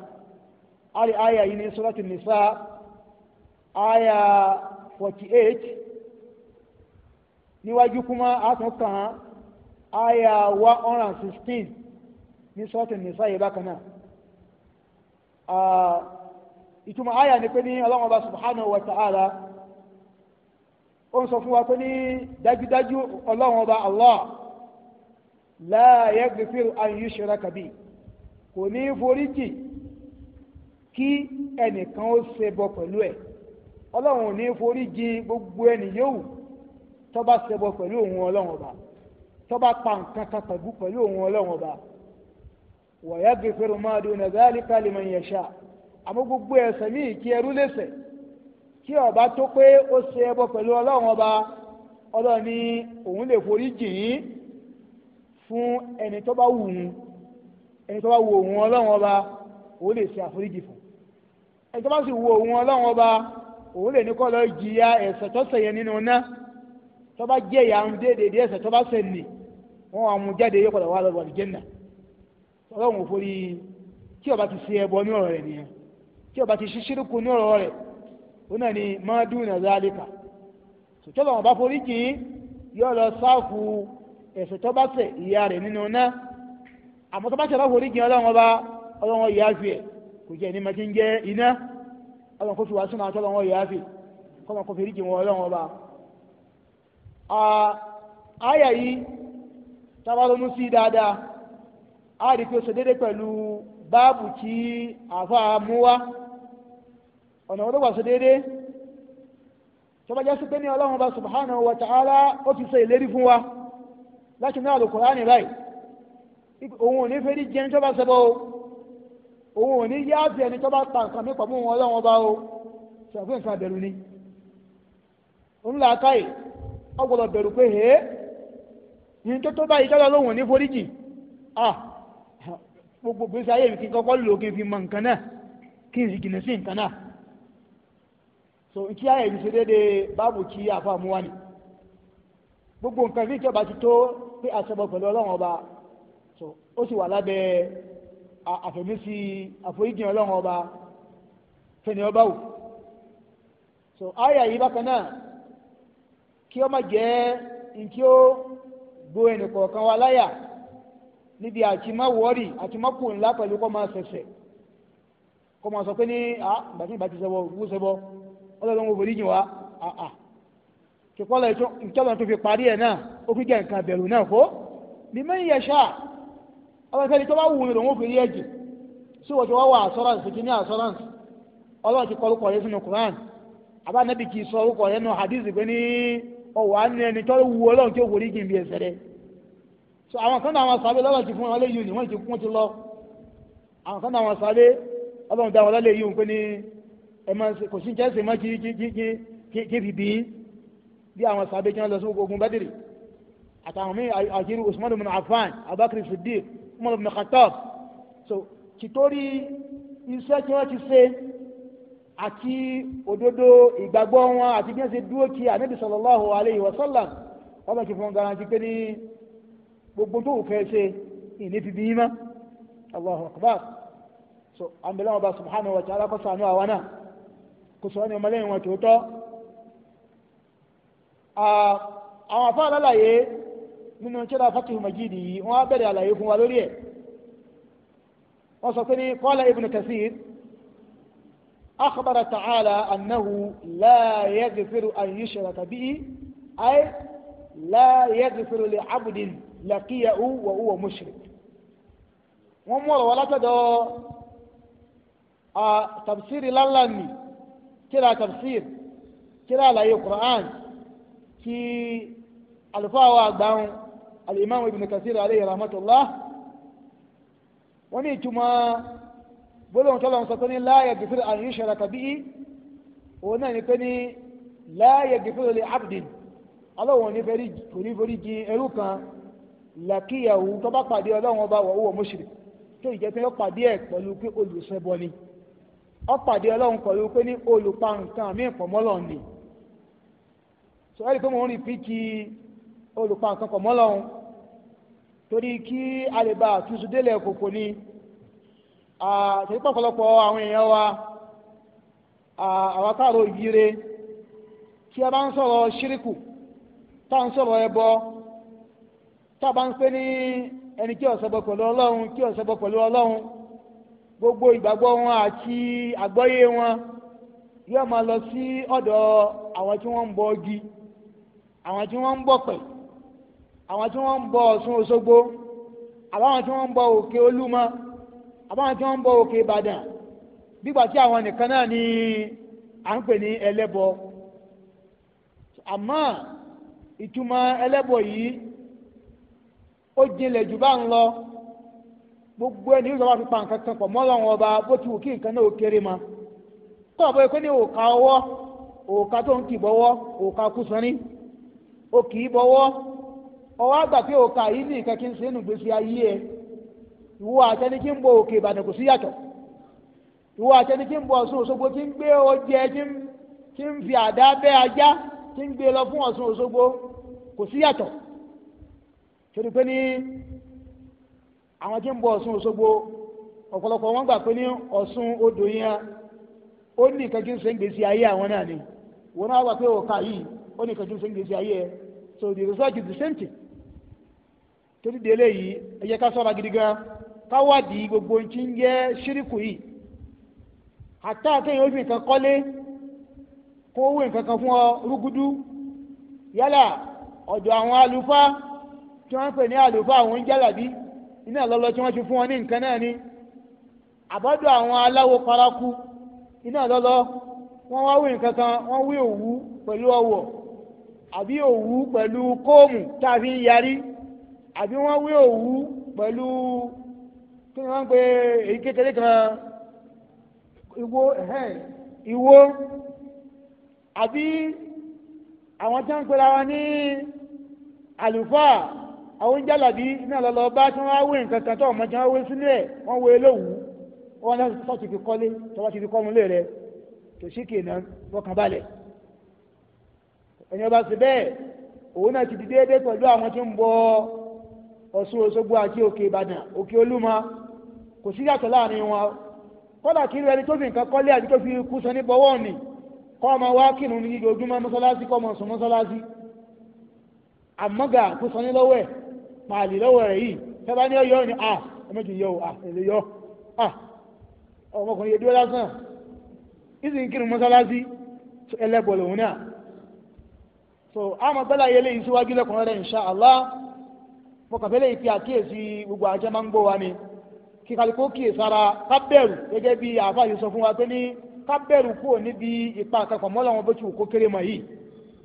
هذه آية من سورة النساء آية 48 نواجهكما أتوقعها آية 116 من سورة النساء يباكنا. آه ìtumọ̀ àyà ni pé ní ọlọ́run ọba subhanahu wa ta'ala ó ń sọ fún wa pé ní dájúdájú ọlọ́run ọba allah la yaghfir an yushraka bi kò ní foríjì kí ẹnìkan ó ṣe bọ pẹ̀lú ẹ̀ ọlọ́run ò ní foríjì gbogbo ẹni yóò tó bá ṣe bọ pẹ̀lú òun ọlọ́run ọba tó pa nǹkan kan pẹ̀lú pẹ̀lú òun ọlọ́run ọba wa yaghfiru ma duna dhalika liman yasha àmọ́ gbogbo ẹ̀ṣẹ̀ ní ìkí ẹrú lẹ́ṣẹ̀ tí ọba tó pé ó ṣe ẹbọ pẹ̀lú ọlọ́run ọba ọlọ́run ní òun lè forí jìn yín fún ẹni tó bá wù ú ẹni tó bá wù òun ọlọ́run ọba òun lè ṣe àforíjì fún ẹni tó bá sì wù òun ọlọ́run ọba òun lè ní kọ́ lọ jìyà ẹ̀ṣẹ̀ tó ṣẹ̀ yẹn nínú náà tó bá jẹ́ ìyá ń déédéé ẹ̀ṣẹ̀ tó bá ṣẹ̀ nì wọ́n wà mú jáde yóò padà wà lọ́wọ́ ọlọ́run ò forí tí ọba ti ṣe ẹbọ ní ọ̀rọ̀ rẹ̀ nìyẹn tí ọba ti ṣe ó náà ni mọ́dúnà zálíkà sòtọ́ bàwọn bá forí kì í yọ lọ sáfù ẹ̀ṣẹ̀ ba bá ṣẹ̀ ìyá rẹ̀ nínú náà àmọ́ tó bá ṣẹ̀ bá forí kì í ọlọ́run ọba ọlọ́run ìyá fi ẹ̀ kò jẹ́ ẹnìmọ̀ tí ń jẹ́ iná ọlọ́run kò fi wá sínú àtọ́lọ́run ọ̀yá fi kọ́mọ kò fi rí kì í wọn ọlọ́run ọba. àyà yìí tábàlónú sí dáadáa á rí i pé ó ṣe déédéé pẹ̀lú báàbù tí àfa mú wá. ọ̀nà wọn ló wà sí déédéé tọ́ba jẹ́ sí pé ní ọlọ́run bá subhanahu wa ta'ala ó ti ṣe ìlérí fún wa láti ní àlùkùránì báyìí òun ò ní fẹ́ o òun ò ní yá bí ẹni tọ́ba pa nǹkan mi pàmò wọn ọlọ́run o ṣàfihàn bẹ̀rù ni òun là á káyè ọ gbọdọ̀ bẹ̀rù pé hẹ́ẹ́ ní tó tó báyìí gbogbo gbèsè ayé mi kí n kọ́kọ́ lò kí n fi mọ nǹkan náà kí n sì sí so ìkí àyè ìbí ṣe déédéé báàbù kí àfa mú wá ni gbogbo nǹkan bí ìjọba ti tó pé àṣẹbọ pẹ̀lú ọlọ́run ọba so ó sì wà lábẹ́ àfẹ̀mísí àforíjì ọlọ́run ọba fẹ̀ni ọba wò so àyà yìí bákan náà kí ó má jẹ́ nkí ó gbo ẹnìkọ̀ọ̀kan wa láyà níbi àti má wọ́ọ̀rì àti má kù ńlá pẹ̀lú kó máa ṣẹ̀ṣẹ̀ kó máa sọ pé ní ah bàtí bàtí ṣẹbọ wú ṣẹbọ. ọlọ́run òbòrí yìí wá àà tòkọ́lọ̀ ìtọ́lọ̀ tó fi parí ẹ̀ náà ó fi jẹ́ nǹkan àbẹ̀rù náà kó bímọ ìyẹ ṣáà ọlọ́sẹ́ni tó bá wù ní òun òfin yẹ jù sí wọ́n ti wá wà assurance kì í ní assurance ọlọ́run ti kọ orúkọ yẹn sínú Quran abánabi kì í sọ orúkọ yẹn nù hadith pé ní ọwọ́ á ẹ máa kò sí jẹ́ sèmọ́ kí kí kí kí kí fi bí bí àwọn sàbẹ̀ kí wọ́n lọ sí ogun Badiri àtàwọn míì àjẹrù Usman ibn Affan Abubakar Siddiq Umar ibn Khattab so kìtórí iṣẹ́ tí wọ́n ti ṣe àti òdodo ìgbàgbọ́ wọn àti bí wọ́n ṣe dúró kí anabi sallallahu alayhi wa sallam wọ́n bá ti fún garanti pé ní gbogbo tó kù fẹ́ ṣe ìní fi bí yín mọ́ Allahu akbar so àmì lọ́wọ́ bá subhanahu wa ta'ala kọ́ sànú àwa náà kò sọ ní ọmọlẹ́yìn wọn tòótọ́ àwọn afá alálàyé nínú tírà Fathul Majid yìí wọ́n á bẹ̀rẹ̀ àlàyé fún wa lórí ẹ̀ wọ́n sọ pé ní qala Ibn Kathir أخبر تعالى أنه لا يغفر أن يشرك به أي لا يغفر لعبد لقيه وهو مشرك ومر ولا تدعو تفسير لالني kíra tafsir kíra àlàyé quran kí alufáwa àgbáhùn alimami ibn kasir aleyhi rahmatullah wọ́n ní ìtumọ̀ gbólóhùn tọ́lọ̀ ń sọ pé ní láàyè gìfìrì àrùn yìí ṣẹlẹ̀ tàbí òun náà ni pé ní láàyè gìfìrì lè abdin aláwọ̀ ní fẹ́rí kò ní forí jì ẹrú kan làkìyàwó tó bá ọba wọ̀ wọ̀ mọ́ṣirì tó ìjẹ́ pé ó pàdé ẹ̀ pẹ̀lú pé olùsẹ́bọ ni. ọ̀pàdé ọlọ́run pẹ̀lú pé ní olùpa nǹkan àmì ìpọ̀mọ́lọ̀ ni sọ ẹ́ rí i pé olùpa nǹkan torí kí délẹ̀ kòkò ni pọ̀pọ̀lọpọ̀ àwọn èèyàn wa a bá ń sọ̀rọ̀ ṣíríkù tá ń sọ̀rọ̀ ẹbọ tá a bá ń ní ẹni kí ó ṣẹbọ pẹ̀lú ọlọ́run kí gbogbo ìgbàgbọ́ wọn àti àgbọ́yé wọn yóò máa lọ sí ọ̀dọ̀ àwọn tí wọ́n ń bọ ọgi àwọn tí wọ́n ń bọ pẹ̀ àwọn tí wọ́n ń bọ Ọ̀ṣun Òṣogbo àbáwọn tí wọ́n ń bọ òkè Olúmọ àbáwọn tí wọ́n ń bọ òkè Ìbàdàn bígbà tí àwọn nìkan náà ni à ń pè ní ẹlẹ́bọ àmọ́ ìtumọ̀ ẹlẹ́bọ yìí ó jinlẹ̀ jù bá ń lọ. gbogbo ẹni yóò fi pa nǹkan kan pọ̀ mọ́lọ́run ọba bó ti wù kí nǹkan náà ma tó àbọ̀ ẹ̀kọ́ ní òòka ọwọ́ òòka tó ń kì bọ́wọ́ òòka ó kì í bọ́wọ́ ọwọ́ àgbà pé òòka yìí ní nǹkan kí n sínú gbèsè ayé ẹ ìwọ àtẹni kí ń bọ òkè ìbàdàn kò sí yàtọ̀ ìwọ àtẹni kí ń bọ Ọ̀ṣun Òṣogbo tí ń gbé ọjẹ tí ń fi àdá bẹ́ ajá tí ń gbé àwọn tí ń bọ ọ̀ṣun òṣogbo ọ̀pọ̀lọpọ̀ wọn gbà pé ní ọ̀ṣun odò yẹn ó ní nǹkan kí n ṣe ń gbèsè ayé àwọn náà ni wọn náà wà pé òkà yìí ó ní nǹkan kí n ṣe ń gbèsè ayé ẹ so the result is the same thing torí délé yìí ẹ jẹ́ ká sọ́ra gidi gan ká wádìí gbogbo ohun tí ń jẹ́ ṣíríkù yìí àtà àtẹ̀yìn òfin kan kọ́lé kó owó nǹkan kan fún ọ rúgúdú yálà ọ̀dọ̀ àwọn àlùfáà tí wọ́n ń pè ní àlùfáà àwọn ń jálàbí iná lọ́lọ́ tí wọ́n ti fún wọn ní nǹkan náà ni àbọ̀dọ̀ àwọn aláwo paraku iná lọ́lọ́ wọ́n wá wí nǹkan kan wọ́n wí òwú pẹ̀lú ọwọ́ àbí òwú pẹ̀lú kóòmù tá a fi ń yarí àbí wọ́n wí òwú pẹ̀lú kí wọ́n pe èyí kékeré kan ìwo ìwo àbí àwọn tí wọ́n ń pera wọn ní àlùfáà àwọn jálàbí iná lọ́lọ́ bá tí wọ́n á wé nǹkan kan tó ọmọ jẹ́ wọ́n wé sínú ẹ̀ wọ́n wé lówùú wọ́n náà sọ ti fi kọ́lé tọ́wọ́ ti fi kọ́ múlé rẹ̀ tó sì kì í ná wọ́kàn balẹ̀ ẹ̀yin ọba sì bẹ́ẹ̀ òun náà ti di déédéé pẹ̀lú àwọn tí ń bọ Ọ̀ṣun Òṣogbo àti òkè Ìbàdàn òkè Olúmọ kò sí yàtọ̀ láàrin wọn kọ́dà kí ẹni tó fi nǹkan kọ́lé àti tó fi kú sọ ní bọ́wọ́ ni kọ́ ọmọ wa kírun ní ojoojúmọ́ mọ́sálásí kọ́ ọmọ sùn mọ́sálásí àmọ́gà kú sọ ní lọ́wọ́ ẹ̀ pààlì lọ́wọ́ rẹ̀ yìí tẹ́bá ní ọyọ́ ni ah ẹmẹ́jì yọ ah èlé yọ ah ọmọkùnrin yẹn lásán ìsì ń kírun mọ́sálásí ẹlẹ́bọ̀ lòun náà so àmọ́ bẹ́lá yẹlé yìí síwájú lẹ́kùnrin rẹ̀ insha Allah mo kàn fẹ́lẹ́ ìfi àkíyèsí gbogbo àjẹ́ máa ń gbó wa ni kí kálukú kíyèsára kábẹ́rù gẹ́gẹ́ bí àáfàá yìí sọ fún wa pé ní kábẹ́rù kúrò níbi ìpa mọ́lọ́wọ́n bó ti wù kó kéré mọ́ yìí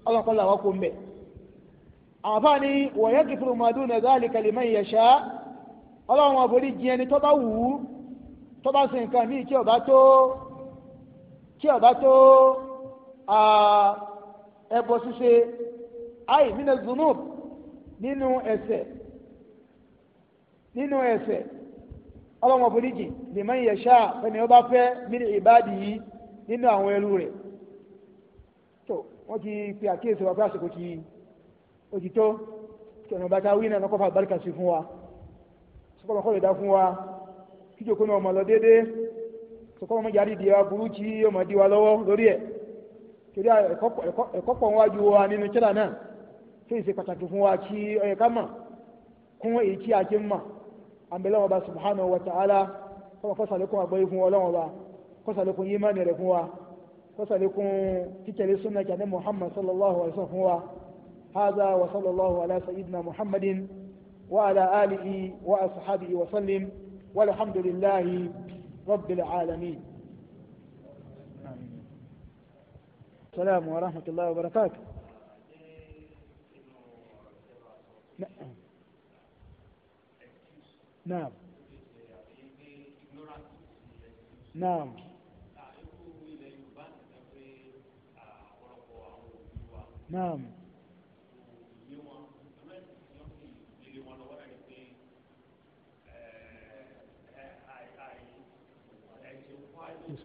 ọlọ́kọ́ làwọn kò ń bẹ̀ àfáàní wọ̀nyẹ́ kìfìrù màdún náà záàlì kàlímà ìyẹ̀ṣá ọlọ́run àforí jìn ẹni tó bá wù ú tó bá sin nǹkan míì tí ó bá tó tí ó bá tó ẹbọ ṣíṣe àì mí náà zunub nínú ẹ̀ṣẹ̀ nínú ẹ̀ṣẹ̀ ọlọ́run àforí jìn lèmọ́ ìyẹ̀ṣá ẹni ó bá fẹ́ mí ní nínú àwọn ẹrú rẹ̀ tó wọ́n ti pe àkíyèsí wa pé àsìkò ti òtítọ́ tọ̀nà bàtà wí náà lọ́kọ́ fà bárkà sí fún wa sọ́kọ́ lọ́kọ́ lè dá fún wa kíjòkó náà ọmọ lọ dédé sọ́kọ́ ọmọ jáde di wa burú tí ọmọ di wa lọ́wọ́ lórí ẹ̀ torí ẹ̀kọ́ pọ̀ wájú wa nínú tíra náà tó ìṣe pàtàkì fún wa kí ọyẹ ká mà kún èyí tí a ti mà àmbẹ̀lọ́wọ́ bá subhanahu wa ta'ala kọ́mọ kọ́sàlékún àgbọ́yé fún ọlọ́wọ́ bá kọ́sàlékún yímánì rẹ̀ fún wa kọ́sàlékún kíkẹ́lé súnà kí Muhammad sallallahu alaihi wa sallam fún wa هذا وصلى الله على سيدنا محمد وعلى آله وأصحابه وسلم والحمد لله رب العالمين السلام ورحمة الله وبركاته نعم نعم نعم, نعم.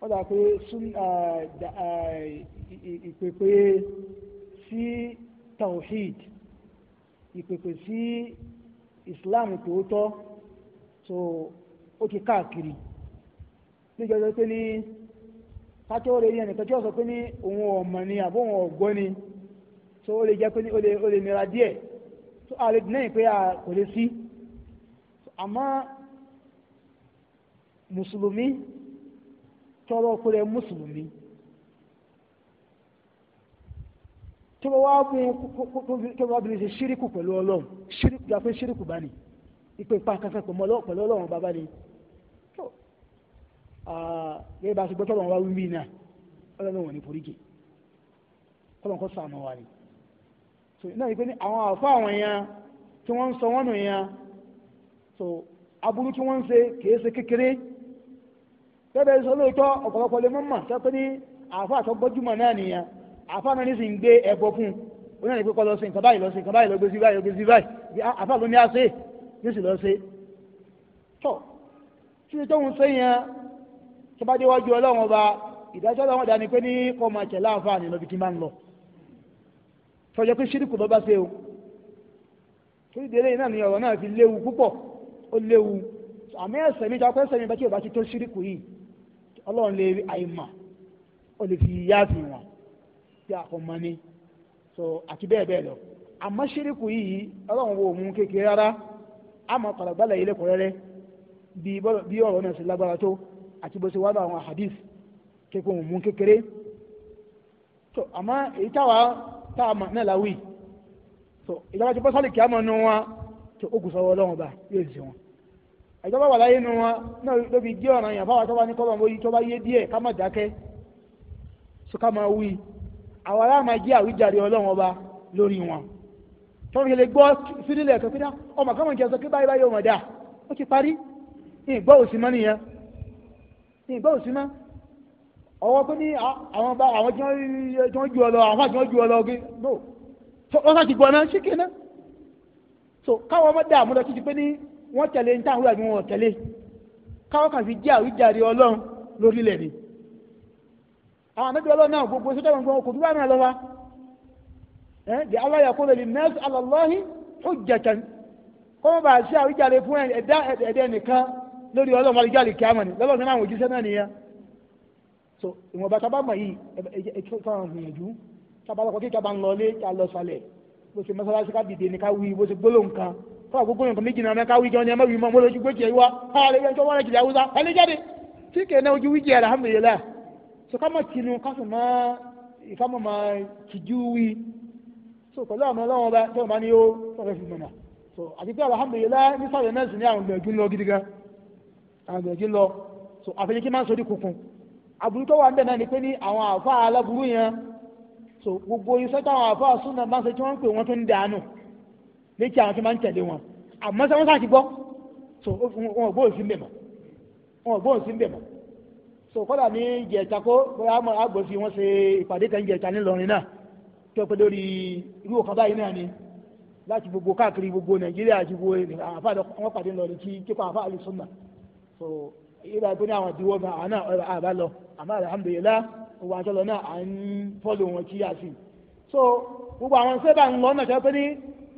wọ́n dà pé ìpèpè sí tawhid ìpèpè sí islam tòótọ́ so ó ti káàkiri níjọ́jọ́ pé ní pátó ó lè yẹn nìkan tí ó sọ pé ní òun ọ̀mọ̀ ni àbó òun ọ̀gbọ́n ni so ó lè jẹ́ pé ní ó lè nira díẹ̀ so a lè dínà pé a kò lè sí àmọ́ mùsùlùmí tọrọ fúnra mùsùlùmí tí wọ́n wá mú kí wọ́n bìrì ṣe ṣíríkù pẹ̀lú ọlọ́run ṣíríkù yàtọ̀ ṣíríkù bá ní ìpè pàkàkà pẹ̀lú ọlọ́run bàbá ni gẹ́gẹ́ bá a ṣe gbọ́ tọ́lọ̀ wọn wá wí mí náà ọlọ́run wọn ní foríkì kọ́lọ́n kọ́ sàmọ́ wa ni so náà ìpè ní àwọn àfọ àwọn yẹn tí wọ́n ń sọ wọ́n nù yẹn so aburú tí wọ́n ń ṣe kìí ṣe kékeré tẹ́bẹ̀ sọ lóòótọ́ ọ̀pọ̀lọpọ̀ lè mọ́mọ́ sọ́kọ́ ní àáfà àtọ́gbọ́júmọ̀ náà nìyẹn àáfà náà ní sì ń gbé ẹbọ fún un oníyàn ìpínpọ̀ lọ sí nǹkan báyìí lọ sí nǹkan báyìí lọ gbé sí báyìí lọ gbé sí báyìí àáfà ló ní á ṣe yóò sì lọ ṣe. tọ́ títí tó ń sẹ́yìn tó bá déwájú ọlọ́run ọba ìdájọ́ ọlọ́run ọ̀dà ni pé ní kọ́ máa tẹ̀ láǹfààní lọ́bi ni ọ̀rọ̀ náà fi léwu púpọ̀ ó léwu àmì ẹ̀sẹ̀ mi jọ pé ẹ̀sẹ̀ mi bá tí ò bá ti tó ṣírìkù yìí ọlọ́run lè àìmọ̀ ó lè fi yáàfin wọn tí a kò mọ ni so àti bẹ́ẹ̀ bẹ́ẹ̀ lọ àmọ́ ṣíríkù yìí ọlọ́run wo òun kékeré rárá àmọ́ pàlàgbálẹ̀ yìí lẹ́kọ̀ọ́ rẹ́rẹ́ bí ọ̀rọ̀ náà ṣe lágbára tó àti bó ṣe wá lọ àwọn hadith kékeré òun mú kékeré so àmọ́ èyí táwa táwa mọ̀ náà láwì so ìjọba ti bọ́ sálì kí á nù wọn tó ó kù sọ́wọ́ ọlọ́run ọba yóò ṣe wọn ẹjọ́ bá wà láyé nu wọn náà ló fi gé ọ̀ràn yàn fáwọn tó bá ní kọ́bọ̀ mórí tó bá yé díẹ̀ ká má dákẹ́ so ká máa wí àwọn ará máa jẹ́ àwíjàre ọlọ́run ọba lórí wọn tó fi lè gbọ́ sídìlẹ̀ kan pé dá ọmọ kan mọ̀ jẹ́ sọ pé báyìí báyìí ọmọ dà ó ti parí ìgbọ́ òsì mọ́ nìyẹn ìgbọ́ òsì mọ́ ọwọ́ pé ní àwọn bá àwọn tí wọ́n ju ọ lọ àwọn àti wọ́n ju ọ lọ gbé no wọ́n sá ti gbọ́ náà ṣíkì náà so káwọn ọmọ dààmú lọ títí pé ní wọ́n tẹ̀lé ní táwọn àbí wọn tẹ̀lé káwọn kan fi jẹ́ àwíjàre ọlọ́run lórílẹ̀ ni àwọn àmẹ́bí ọlọ́run náà gbogbo sọ́jà wọn gbọ́n kò dúró àná lọ́wọ́ ẹ̀ di aláya kó lè lè nẹ́ẹ̀sì alọ́lọ́hìn ó jẹ̀tẹ̀ kọ́ mọ́ bá a ṣe àwíjàre fún ẹ̀dá ẹ̀dẹ́ nìkan lórí ọlọ́run wọn lè jáde kí á náà àwọn òjíṣẹ́ náà nìyẹn so ìwọ̀nba tá a bá mọ̀ yìí ẹ̀jẹ̀ fún àwọn ìyànjú tá a kí ká ń lọ ilé ká lọ sálẹ̀ bó ṣe mọ́sálásí fún àgbógbó nǹkan méjì náà mẹ́ka wíjọ ni ẹ mẹ́rin mọ́ lójú gbé jẹ́ wá alẹ́ yẹn tó wọ́n lẹ́jìlẹ̀ haúsá alẹ́ jáde tí kìí náà ojú wíjẹ́ alhamdulilayi so ká má tinu ká sì má ìfámọ́ má tìjú wí so pẹ̀lú àwọn ọlọ́wọ́n bá tó bá ní ó sọ̀rọ̀ fi mọ̀nà so àti pé alhamdulilayi ní sọ̀rọ̀ náà sì ní àwọn gbẹ̀jú lọ gidi gan àwọn gbẹ̀jú lọ so àfẹ́jẹ́ kí má sọ di kunkun àbúrú tó wà ń bẹ̀ náà ni pé ní àwọn àfa aláburú yẹn so gbogbo iṣẹ́ táwọn àfa súnà bá ń ṣe tí wọ́n ń pè wọ́n tó ń dànù létí àwọn tí máa ń tẹ̀lé wọn àmọ́ sẹ́wọ́n sáà ti gbọ́ so wọn ò gbóhùn sí ń bẹ̀ mọ́ wọn ò gbóhùn sí ń bẹ̀ mọ́ so kọ́dà ní jẹ̀ẹ̀ta kó bóyá àgbòsí wọn ṣe ìpàdé kan jẹ̀ẹ̀ta nílọrin náà tó pé lórí irú òkan báyìí náà ni láti gbogbo káàkiri gbogbo nàìjíríà àti gbogbo àfa wọn pàdé lọrin kí kíkọ àfa àlùsùnà so ìgbà tó ní àwọn ìdíwọ́ gan àwọn náà àbá lọ àmọ́ alhamdulillah òwò àtọ́lọ náà à ń fọ́lù wọn kí á sí so gbogbo àwọn sẹ́bà ń lọ náà tó pé ní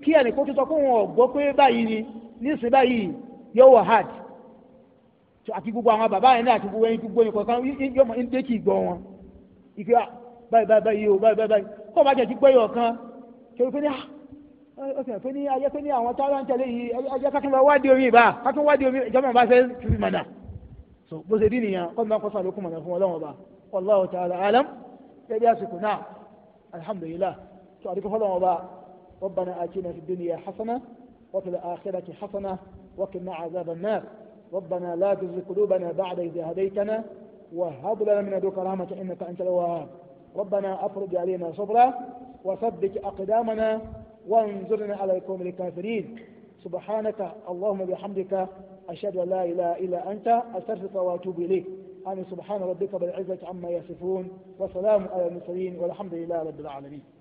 kí ẹnìkan tó sọ pé wọn gbọ́ pé báyìí ni nísìnyí báyìí yóò wà hard àti gbogbo àwọn bàbá yẹn náà àti gbogbo ẹyin gbogbo ẹyin kọ̀ọ̀kan yóò mọ̀ ní kí gbọ́ wọn ike ah, báyìí báyìí báyìí o báyìí báyìí kó o bá jẹ ti gbẹ́yọ̀ kan kẹrù pé ní ọ̀sẹ̀ ah, pé ní ayé pé ní àwọn táwọn ń yìí ayé kákínbá wádìí omi ìbá kákínbá wádìí omi ìjọba ìbá fẹ́ fífi mọ̀nà so bó ṣe dín nìyẹn kọ́ mi máa kọ́ sàn lókun mọ̀nà fún ọlọ́run alhamdulillah so àdìgbò fọlọ́run ọba ربنا آتنا في الدنيا حسنة وفي الآخرة حسنة وقنا عذاب النار ربنا لا تزغ قلوبنا بعد إذ هديتنا وهب لنا من لدنك رحمة إنك أنت الوهاب ربنا أفرج علينا صبرا وثبت أقدامنا وانظرنا على القوم الكافرين سبحانك اللهم بحمدك أشهد أن لا إله إلا أنت أستغفرك وأتوب إليك أنا سبحان ربك بالعزة عما يصفون وسلام على المرسلين والحمد لله رب العالمين